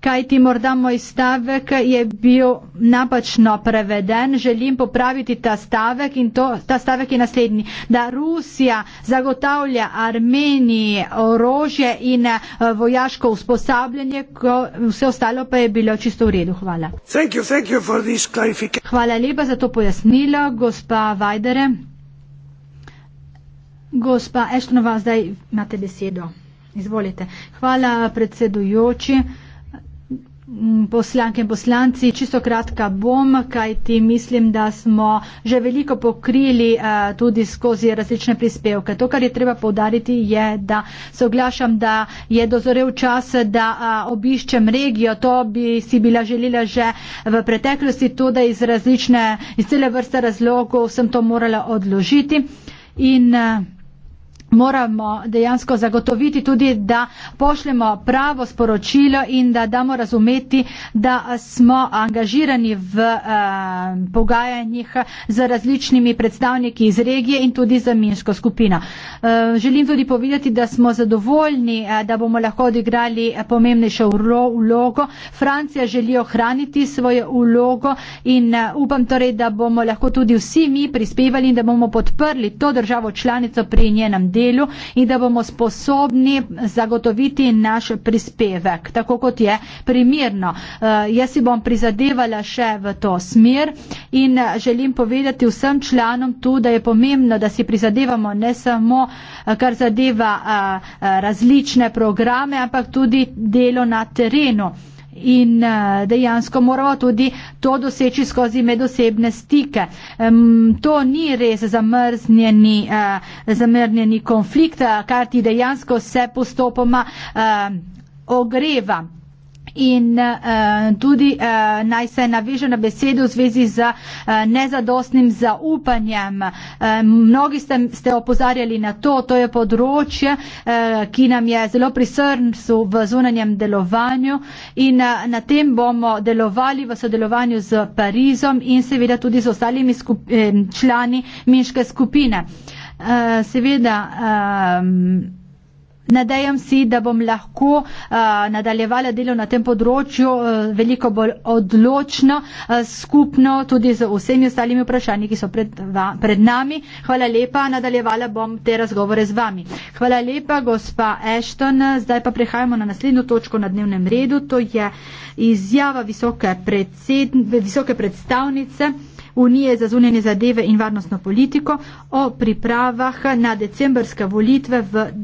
kaj ti morda moj stavek je bil napačno preveden, želim popraviti ta stavek in to, ta stavek je naslednji, da Rusija zagotavlja Armeniji orožje in eh, vojaško usposabljanje, ko, vse ostalo pa je bilo čisto v redu. Hvala. Thank you, thank you hvala lepa za to pojasnilo, gospa Vajdere. Gospa Eštonova, zdaj imate besedo. Izvolite. Hvala predsedujoči. Mm, poslanke in poslanci, čisto kratka bom, kajti mislim, da smo že veliko pokrili uh, tudi skozi različne prispevke. To, kar je treba povdariti, je, da se oglašam, da je dozorev čas, da uh, obiščem regijo. To bi si bila želila že v preteklosti, tudi iz različne, iz cele vrste razlogov sem to morala odložiti. In, uh, moramo dejansko zagotoviti tudi, da pošljemo pravo sporočilo in da damo razumeti, da smo angažirani v uh, pogajanjih z različnimi predstavniki iz regije in tudi za minsko skupino. Uh, želim tudi povedati, da smo zadovoljni, uh, da bomo lahko odigrali pomembnejšo vlogo. Francija želi ohraniti svojo vlogo in uh, upam torej, da bomo lahko tudi vsi mi prispevali in da bomo podprli to državo članico pri njenem delu delu in da bomo sposobni zagotoviti naš prispevek, tako kot je primirno. Eh, jaz si bom prizadevala še v to smer in eh, želim povedati vsem članom tu, da je pomembno, da si prizadevamo ne samo, eh, kar zadeva različne programe, ampak tudi delo na terenu. In eh, dejansko moramo tudi to doseči skozi medosebne stike. To ni res zamrznjeni, eh, zamrznjeni konflikt, eh, kar ti dejansko se postopoma ogreva in uh, tudi uh, naj se naveže na besedo v zvezi z uh, nezadostnim zaupanjem. Uh, mnogi ste, ste opozarjali na to, to je področje, uh, ki nam je zelo prisrnsu v zunanjem delovanju in uh, na tem bomo delovali v sodelovanju z Parizom in seveda tudi z ostalimi skup, eh, člani Minške skupine. Uh, seveda, um, Nadejam si, da bom lahko uh, nadaljevala delo na tem področju uh, veliko bolj odločno, uh, skupno tudi z vsemi ostalimi vprašanji, ki so pred, va, pred nami. Hvala lepa, nadaljevala bom te razgovore z vami. Hvala lepa, gospa Ashton. Zdaj pa prehajamo na naslednjo točko na dnevnem redu. To je izjava visoke, predsedn, visoke predstavnice. Unije za zunjene zadeve in varnostno politiko o pripravah na decembrske volitve v.